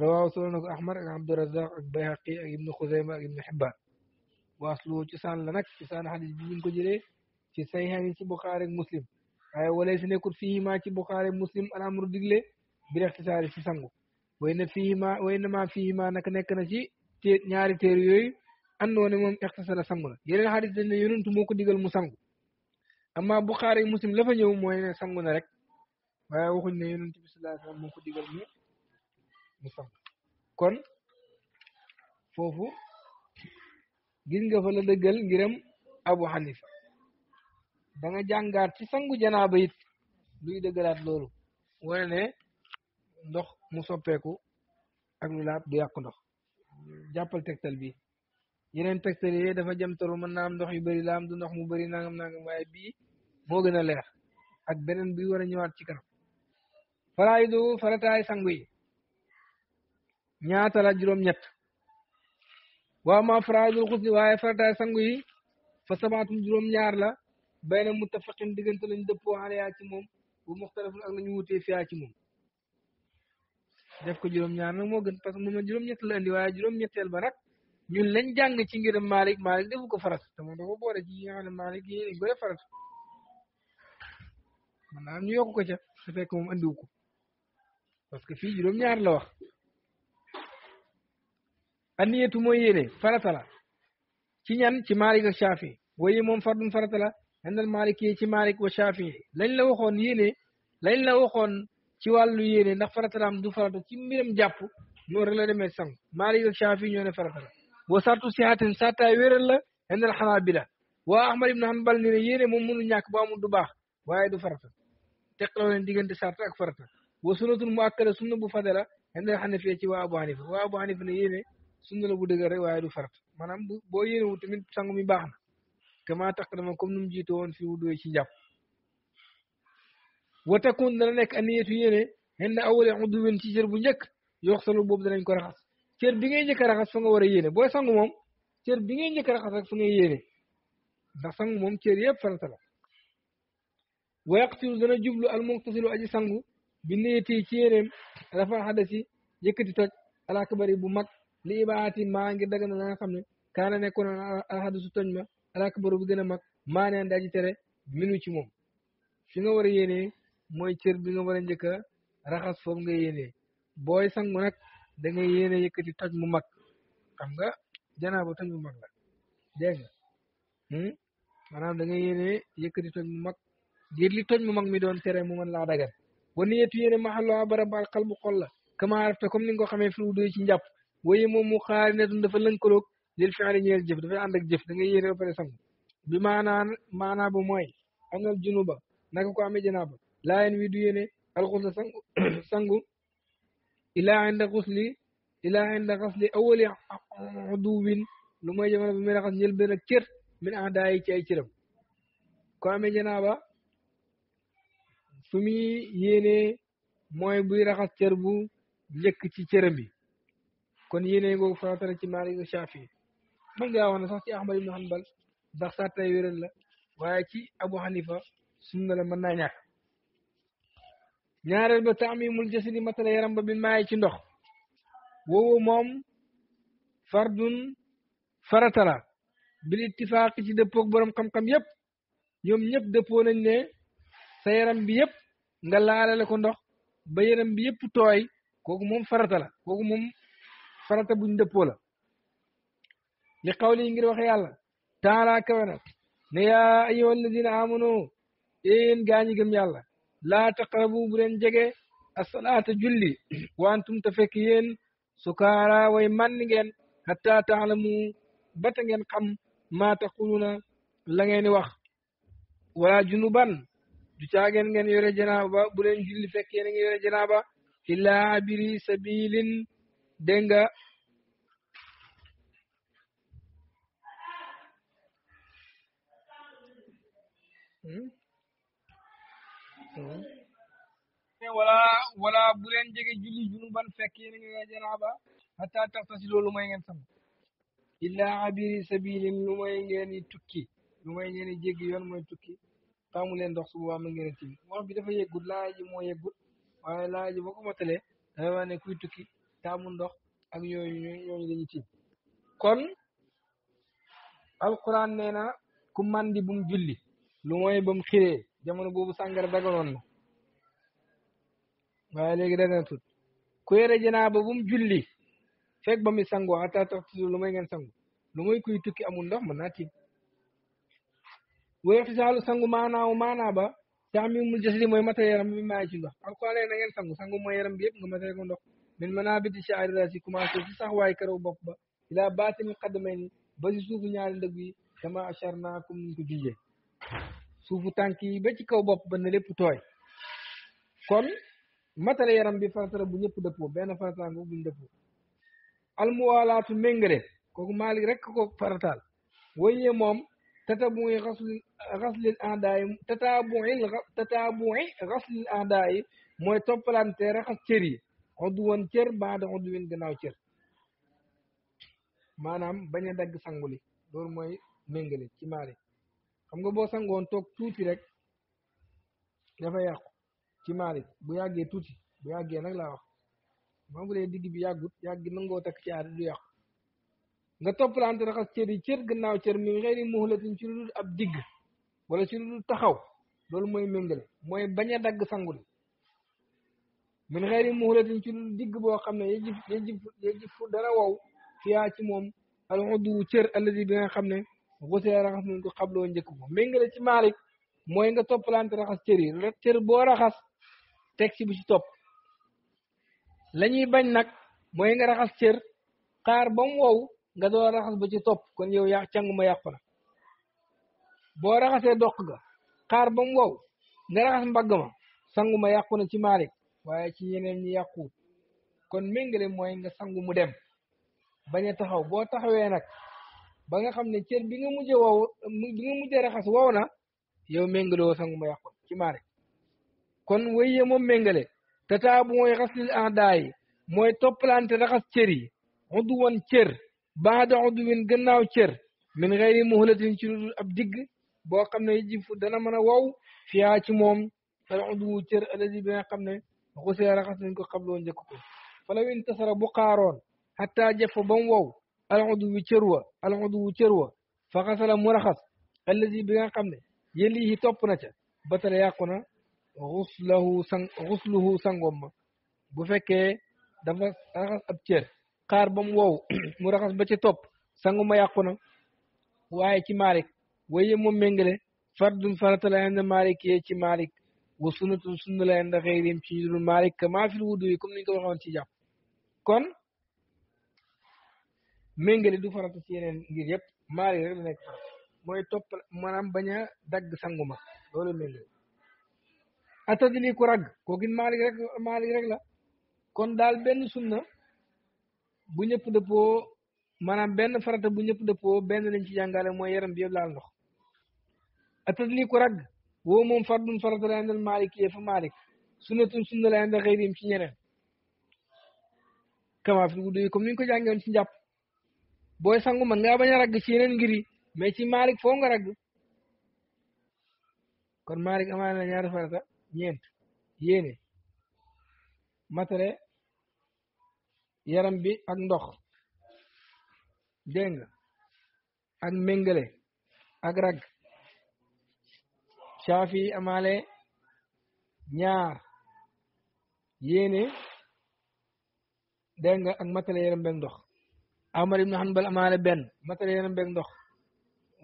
rawaaw sunan ko ahmad ibn abdurrazzaq ibn bayhaqi ibn khuzaimah ibn hibban waasloo cosaan la nag cosaan xadis bi ñu ko jëlee ci saxiixayn ci Buxaari ak Muslim waaye wala si nekkul fiihimaa ci Buxaari ak Muslim al amru digle bil ixtisaari ci sangu woy na fiihimaa way na maa fiihimaa nag nekk na ci tée ñaari téer yooyu àndoo ne moom ixtisaara sangu na yeneen xadis dañ ne yonentu moo ko digal mu sangu amma Buxaari ak Muslim la fa ñëw mooy ne sangu na rek waaye waxuñ ne yonentu bi sallallahu alayhi ko digal mu mu sangu kon foofu gis nga fa la dëggal ngiram abu xanifa da jàngaat ci sangu janaaba it luy dëggalaat loolu wane ne ndox mu soppeeku ak lu laab du yàqu ndox jàppal tegtal bi yeneen tegtal yi dafa jamtaru mën naa ndox yu bëri la am du ndox mu bari nangam nangam waaye bii moo gën a leer ak beneen bi wara a ñëwaat ci kanam faraayidu farataay sangu yi ñaata la juróom-ñett wa ma faraajul xusli waaye farataay sangu yi fa sabaatum jurom ñaar la bayna muttafaqin diggante lañ depp dëppoo yaa ci mom bu muxtalif ak lañu wutee fiyaa ci mom def ko jurom ñaar nak mo gën parce que mo jurom ñett la indi wa jurom ñettel ba rak ñun lañ jang ci ngir malik malik defu ko farat te moom dafa boole ci ñaan malik yi dañ ko def farat maanaam ñu yokk ko ca su fekk moom andiw ko parce que fi jurom ñaar la wax aniyatu mooy yéene farata la ci ñan ci Maalik ak Shaafi waaye moom fardun farata la àndal Maalik yi ci Maalik wa Shaafi lañ la waxoon yéene lañ la waxoon ci wàllu yéene ndax farata la am du farata ci mbiram jàpp noonu rek la demee sang Maalik ak Shaafi ñoo ne farata la wa sartu sihaatin saataay wéral la àndal Xanaabila waa Ahmad ibn Hanbal ne ne yéene moom mënu ñàkk ba amul du baax waaye du farata teqaloo leen diggante sart ak farata wa sunnatul muakkada sunna bu fadala àndal ci waa Abu sunna la bu dëgër rek waaye du farat maanaam bu boo yéenewu tamit sangu mi baax na kama tax dama comme nu mu jiite woon fi wudu ci jàpp wa takun dana nekk aniyatu yéene xen na awale udduwin ci cër bu njëkk yox salu boobu danañ ko raxas cër bi ngay njëkk a raxas fa nga war a booy sangu moom cër bi ngay njëkk a raxas rek fa ngay yéene ndax sangu moom cër yëpp farata la wa dana jublu al muqtasilu aji sangu bi niyati ci yéeneem rafa xadasi yëkkati toj alaakabari bu mag li ibaati ma ngir daga na la nga xam ne kaana nekkoon ahadu su toñ ma alakbaru bi gën a mag maa neen tere minu ci moom fi nga war a yéenee mooy cër bi nga war a njëkk a raxas foofu nga yéenee booy sangu nag da nga yéene yëkkati toj mu mag xam nga janaaba toj mu mag la dégg nga hmm? maanaam da nga yéene yëkkati toj mu mag ngir li mu mag mi doon tere mu mën laa dagal wa niyetu yéene maxalloo barab ba alqalbu xol la kama arafta comme ni nga ko xamee fi wudu ci njàpp waaye moom mu xaari ne dafa lënkaloog lil fi'li ñeel jëf dafay ànd ak jëf da ngay yéene ba pare sangu bi maanaa maanaa bu mooy anal junuba naka ko amee janaaba laayen wi du yéene alxusla sangu [coughs] sangu ilaa inda xusli ilaa inda xasli awali aduwin lu mooy jamono bi muy raxas njël benn ak min ahdaa yi ci ay cëram ko amee janaaba fu muy buy raxas cër bu njëkk ci bi kon yéene googu farata ci Maalik ak Shaafi mën ngaa wax ne sax ci Ahmad ibn Hanbal ndax sàttay wéral la waaye ci Abu Hanifa sunna la mën naa ñàkk ñaareel ba taamimul jasadi matala yaram ba bi maay ci ndox woowu moom fardun farata la bil ittifaaq ci dëppoog borom xam-xam yëpp ñoom ñëpp dëppoo nañ ne sa yaram bi yëpp nga laalale ko ndox ba yaram bi yëpp tooy kooku moom farata la kooku farata buñ dëppoo la li qawli ngir waxe yàlla taala kawe na ne yaa ayyuha alladina amanu yéen gaañi gëm yàlla laa taqrabu bu leen jege asalaata julli wantum te fekk yéen sukaara way manni ngeen hatta taalamu bata ngeen xam maa taquluna la di wax wala junuban du caageen ngeen yore janaaba bu julli fekk yéen a janaaba illa abiri sabilin dégg nga hmm? Hmm? wala wala bu leen jege julli junuban fekk yéen a ngi nga janaaba hatta taxtasilu lu may ngeen sam illa abiri sabilin lu may tukki lu may ngeen jéggi mooy tukki taamu leen ndox su boobaa tim wax bi dafa yeggut laa ji moo yeggut waaye laa ji boo dafa ne kuy tukki taamu ndox ak yooyu ñooñu dañuy tiit kon alquran nee na ku mandi bum julli lu mooy ba mu jamono boobu sàngara daganoon na waaye léegi daganatut ku yore janaaba bum julli fekk ba muy sangoo ata tax lu mooy ngeen sangu lu mooy kuy tukki amul ndox mën naa tiit wéy fisaalu sangu maanaaw maanaa ba taamimul jasadi mooy mata yaram bi maa ci ndox alquran nee na ngeen min manaabiti shaari raasi commencé si sax waay karaw bopp ba ilaa baatini xadamay ni ba si suufu ñaari ndëgg yi kama acharna comme niñ ko junjee suufu tànk yi ba ci kaw bopp ba ne lépp tooy kon matale yaram bi faratara bu ñëpp dëppoo benn farataango buñ dëppoo almuwaalaatu méngale kooku maalik rek ko farataal woyee moom tatabui xaslil xaslil aadaayi tatabuil tatabuil xaslil aadaayi mooy toppalante raxas cër yi odd wan cër baada odd win gannaaw cër maanaam bañ dagg sangu li loolu mooy méngale ci maalik xam nga boo sangoon toog tuuti rek dafa yàqu ci maalik bu yàggee tuuti bu yàggee nag laa wax maa ngi lay digg bi yàggut yàgg nangoo takk ci aada du yàqu nga toppalante raxas cër yi cër gannaaw cër mi ngi xëy ni ci lu dul ab digg wala ci lu dul taxaw loolu mooy méngale mooy bañ dagg sanguli min xeyri muhlatin ci lu digg boo xam ne yajib yajib yajib dana wow fiyaa ci moom al udu cer alladi bi nga xam ne xusee raxas nañ ko xabloo njëkk ko méngale ci malik mooy nga toppalante raxas cër yi rek cër boo raxas teg ci bu ci topp la ñuy bañ nag mooy nga raxas cer xaar ba mu nga raxas ba ci topp kon yow yaa canguma yàqu na boo raxasee dokk ga xaar ba mu nga raxas mbagg sanguma yàqu na ci malik waaye ci yeneen ñi yàquwut kon méngale mooy nga sangu mu dem bañ taxaw boo taxawee nag ba nga xam ne cër bi nga mujj wow bi nga mujj raxas wow na yow méngale woo sangu mu yàqoon ci maare kon wéyye moom méngale te taa bu mooy xaslil yi mooy toppalante raxas cër yi xuddu woon cër baada xuddu win gannaaw cër min xëyri muhlatin ci lu ab digg boo xam ne jifu dana mën a wow fiyaa ci moom al xuddu cër bi nga xam ne xusee raxas nañ ko xabloo njëkk ko fala win tasara bu xaaroon xattaa jëf ba mu wow alxudu wu cër wa alxudu wu cër wa fa xasala mu raxas allazi bi nga xam ne yëlihi topp na ca batale yàqu na xuslahu sang xusluhu sangoom ma bu fekkee dafa raxas ab cër xaar ba mu wow [clears throat] mu raxas ba ca topp sangu ma yàqu na waaye ci maalik waye moom méngale fardun faratala na maalik yee ci maalik wa sunnatun sunna la inda xeyrim ci ñu dul malik maa fil wudu comme ni ñu ko waxoon ci jàpp kon méngale du farata ci yeneen ngir yëpp malik rek la mooy topp maanaam baña dagg sanguma loolu méngale atadli ku ragg kooku malik rek rek la kon daal benn sunna bu ñëpp dëppoo maanaam benn farata bu ñëpp dëppoo benn lañ ci jàngale mooy yaram bi yëpp laal ndox atadli ku ragg woo moom fardun farata la indal malik yee fa malik sunnatun sunna la indal xëyrim ci ñeneen kama fi guddi comme ni ñu ko jàngewoon ci njàpp booy sangu man ngaa bañ a ragg ci yeneen ngiri mais ci malik foo nga ragg kon malik amaana la ñaari farata ñeent yéene matare yaram bi ak ndox dégg nga ak méngale ak ragg Shaafi amaale ñaar yéene dégg nga ak matale yaram beeg ndox Ahmad ibn Hanbal amaale benn matale yaram beeg ndox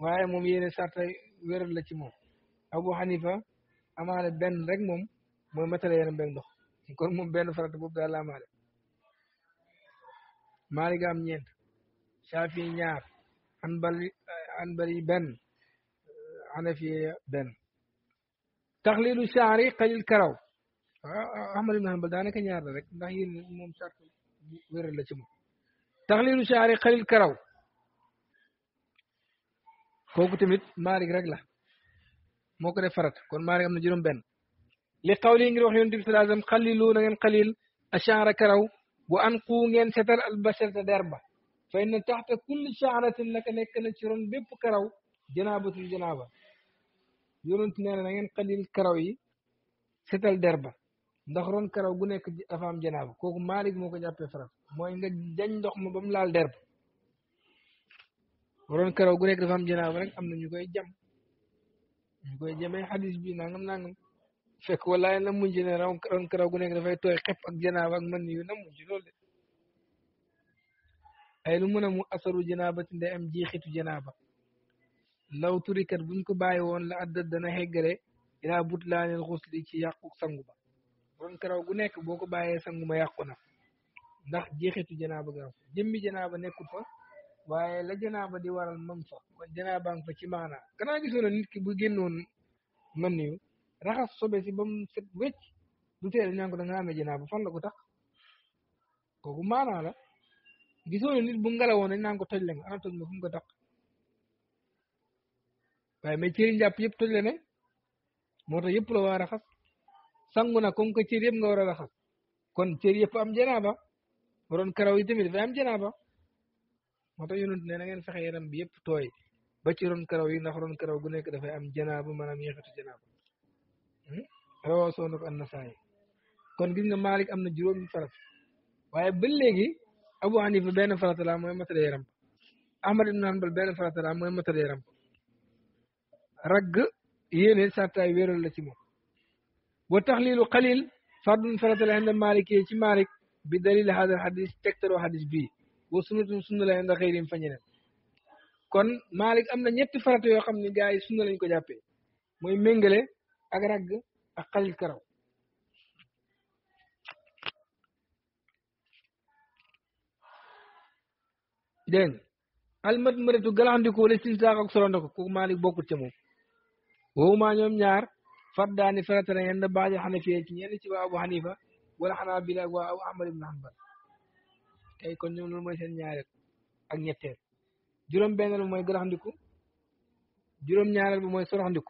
waaye moom yéene sarta wéral la ci moom Abu Hanifa amaale benn rek mom mooy matale yaram beeg ndox kon moom benn farata boobu daal la amaale Maalik am ñeent Shaafi ñaar Hanbal Hanbali benn Hanafi benn تخليل شعري قليل كرو عمر المهم بلدانا كان يارد ذلك ده يين موم شعر وير اللي جمع تخليل شعري قليل كرو كوكو تميت مالك رجلا موكرة فرط كون مالك من جرم بن لقولي ان روح يندب سلازم قليلو نغن قليل الشعر كرو وأنقو نغن ستر البشر تدربة فإن تحت كل شعرة لك نكنا شرون بيب كرو جنابة الجنابة yonent nee na na ngeen xalil karaw yi setal der ba ndax ron karaw gu nekk dafa am janaaba kooku Maalik moo ko jàppee farat mooy nga jañ ndox ma ba mu laal der ba ron karaw gu nekk dafa am janaaba rek am na ñu koy jam ñu koy jamee xadis bi nangam nangam fekk walaay na mujj ne ron karaw gu nekk dafay tooy xepp ak janaaba ak mën yu na mujj loolu de ay lu mën a mu asaru janaaba te am jiixitu janaaba law turikat buñ ko bàyyi woon la ada dana xeggale ilaa but laaneel xusli ci yàqu sangu ba borom karaw gu nekk boo ko bàyyee sangu ma yàqu na ndax jeexitu janaaba gaaw jëmmi janaaba nekku fa waaye la janaaba di waral man fa kon janaaba fa ci maana ganaa gisoon nit ki bu génnoon man yu raxas sobe si ba mu set wécc du teel ñaan ko da nga amee janaaba fan la ko tax kooku maanaa na nit bu ngelawoon dañ naan ko toj la nga ana toj ma fu mu ko tax waaye mais cëri njàpp yëpp toj la ne moo tax yëpp la war a raxas sangu na comme que cër yëpp nga war a raxas kon cër yëpp am janaaba waroon karaw yi tamit dafay am janaaba moo tax yonent ne na ngeen fexe yaram bi yëpp tooy ba ci ron karaw yi ndax roon karaw gu nekk dafay am janaaba maanaam yéexatu janaaba hmm? rawaa soo na ko an nasaayi kon gis nga Malik am na juróomi farat waaye ba léegi Abu Hanifa benn farata la mooy matale yaram Ahmad ibn Hanbal benn farata la mooy matale yaram ragg yéene sartaay wéeral la ci moom wa taxliilu xalil fardun farata la xenda malik ci malik bi dalil hada xadis tegtaroo xadis bii wa sunnatun sunna la xenda xëyrim fa kon malik am na ñett farata yoo xam ne gars sunna lañ ko jàppee mooy méngale ak ragg ak xalil karaw dégg almat mëretu galaxandikoo la sin saax ak solonda ko malik bokkut ca moom وهما يوم نار فرداني فرتنا يند بعد حنفية يند تبا أبو حنيفة ولا حنا بلا أبو أبو عمر بن حنبل كي كن يوم نور مايشان نار أغنية تير جرم بين الماء غير عندك جرم نار الماء سر عندك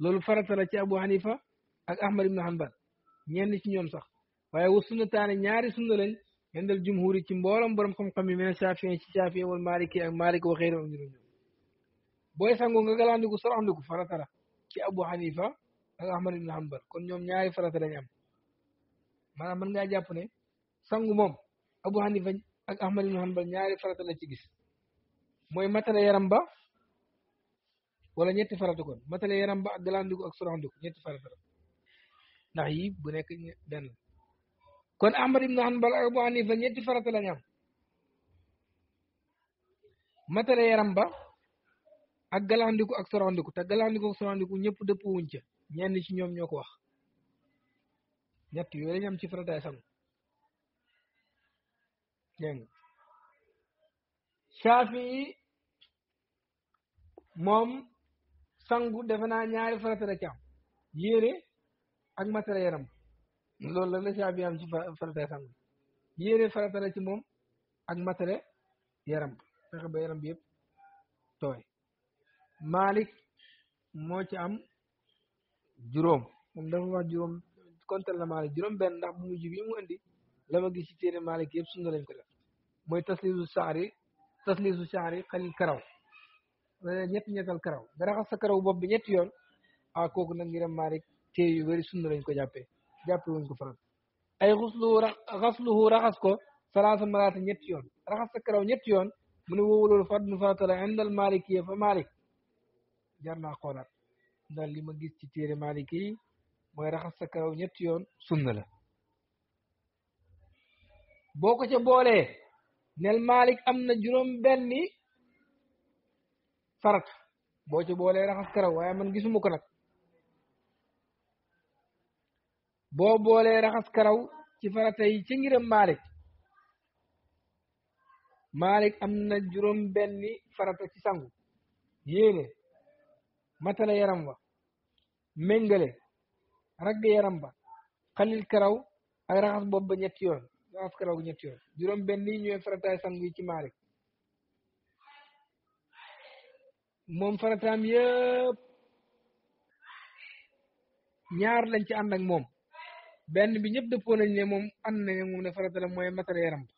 لول فرتنا تبا أبو حنيفة أك أحمد بن حنبل يند تبا يوم صح waye wu sunna tane ñaari sunna lañ yendal jumhuri ci mbolam borom xam xam mi men safi ci safi wal maliki ak maliki wa khairu ñu ñu boy sangu nga galaandiku sorandiku farata la ci Abu Hanifa ak Ahmad ibn Hanbal kon ñom ñaari farata dañ am manam man nga japp ne sangu mom Abu Hanifa ak Ahmad ibn Hanbal ñaari farata la ci gis moy matale yaram ba wala ñetti farata kon matale yaram ba ak galaandiku ak sorandiku ñetti farata la ndax yi bu nek ben kon Ahmad ibn Hanbal ak Abu Hanifa ñetti farata lañ am matale yaram ba ak galandiku ak sorandiku te galandiku ak sorandiku ñëpp dëppoo wuñ ca ñenn ci ñoom ñoo ko wax ñett yooyu lañ am ci farataay sangu dégg nga saafi yi moom sangu defe naa ñaari farata la yére ak matériel yaram loolu la la saafi am ci farataay sangu yére farata la ci moom ak matériel yaram fexe ba yaram bi yëpp tooy Malik moo ci am juróom moom dafa wax Malik juróom benn ndax bu mujj bi mu andi la ma gis ci téere Malik yëpp sunna lañ ko def mooy tasliisu saari tasliisu saari xalil karaw ñett ñettal karaw nga raxas sa karaw bopp bi ñetti yoon a ah kooku nag ngiram Malik téere yu bëri sunna ko jàppee jàppee wuñ ko faral ay xusluhu xasluhu raxas ko salaasa maraata ñetti yoon raxas sa karaw ñetti yoon mu ne woowu loolu fardun Malik yee fa Malik jar naa xoolaat ndax li ma gis ci téere Maliki yi mooy raxas sa karaw ñetti yoon sunna la boo ko ca boolee nel Malik am na juróom benni farat boo ca boole raxas karaw waaye man gisuma ko nag boo boolee raxas karaw ci farata yi ci ngiram Malik Malik am na juróom benni farata ci sangu yéene matala yaram wa mengale ragg yaram ba khalil karaw ay raxas bob ba ñet yoon raxas karaw gu ñet yoon juróom benn yi ñooy farataay sang yi ci malik moom farataam yëpp ñaar lañ ci ànd ak moom benn bi ñëpp dëppoo nañ ne moom na nañ moom ne farata la mooy matala yaram ba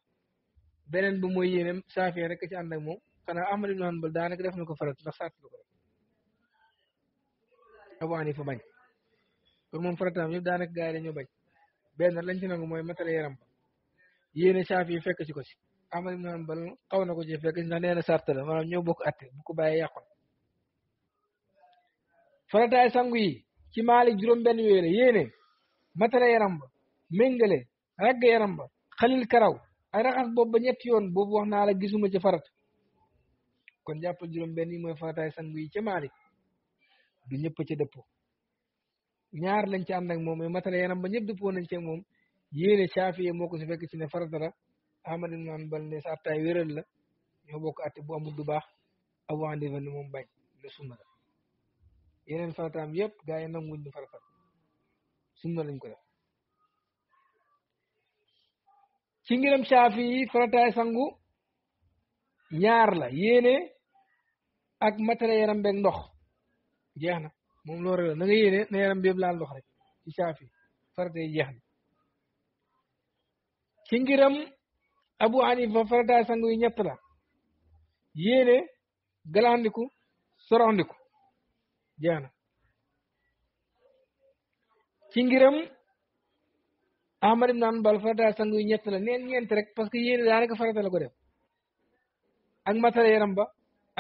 beneen bi mooy yéeneem saafee rek ci ànd ak moom xanaa Ahmad ibn Hanbal daanaka def na ko farata ndax sàtt ko rek Abu Hanifa bañ kon moom farataam yëpp daanaka gars yi dañoo bañ benn lañ ci nangu mooy matale yaram yéene Saafi fekk ci ko si na ibn xaw na ko ci fekk si ndax nee na sart la maanaam ñoo bokk atte bu ko bàyyee farataay sangu yi ci Maalik juróom-benn yooyu la yéene matale yaram ba méngale ragg yaram ba xalil karaw ak raxas boobu ba ñetti yoon boobu wax naa la gisuma ci farat kon jàppal juróom-benn yi mooy farataay sangu yi ca Maalik du ñëpp ci déppo ñaar lañ ci ànd ak moom mais matale ba ñëpp dëppoo nañ ci moom yéene Shaafi'i moo ko si fekk ci ne farata la Ahmad ibn Hanbal ne sa wéral la ñoo bokk atte bu amul baax Abu Hanifa ne moom bañ ne sunna la yeneen farataam yëpp gaa yi nanguñ ñu farata sunna lañ ko def ci ngiram Shaafi'i farataay sangu ñaar la yéene ak matale yaram beeg ndox jeex na moom loolu la na na yaram bi yëpp laal ndox rek ci saafi farata yi jeex na ci Abu Hanifa farataay sangu yi ñett la yéene galaxndiku soroxndiku jeex na ci ngiram Ahmad ibn Hanbal farataay yi ñett la neen ñeent rek parce que yéene daanaka farata la ko def ak matala yaram ba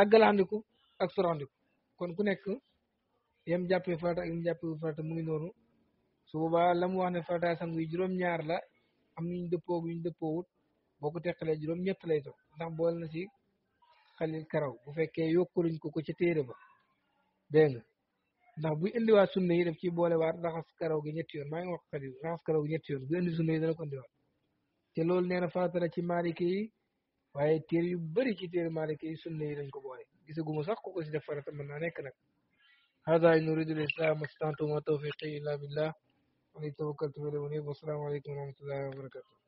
ak galaxndiku ak soroxndiku kon ku nekk yam jàppee farata ak yam jàppewul mu ngi noonu su boobaa la mu wax ne farataay sangu yi juróom-ñaar la am yuñ dëppoo ak yuñ dëppoowut boo ko teqalee juróom-ñett lay doon ndax boole na si xalil karaw bu fekkee yokkaluñ ko ko ci téere ba dégg nga ndax buy indiwaat sunna yi daf ciy boolewaat raxas karaw gi ñetti yoon maa ngi wax xalil raxas karaw gi ñett yoon bu indi sunna yi dana ko indiwaat te lool nee na farata ci maaliki yi waaye téere yu bëri ci téere maaliki yi sunna yi dañ ko boole gisaguma sax ku ko si def farata mën naa nekk nag هذا إن نريد الإسلام ما استطعت وما توفيقي إلا بالله عليه توكلت وإليه والسلام عليكم ورحمة الله وبركاته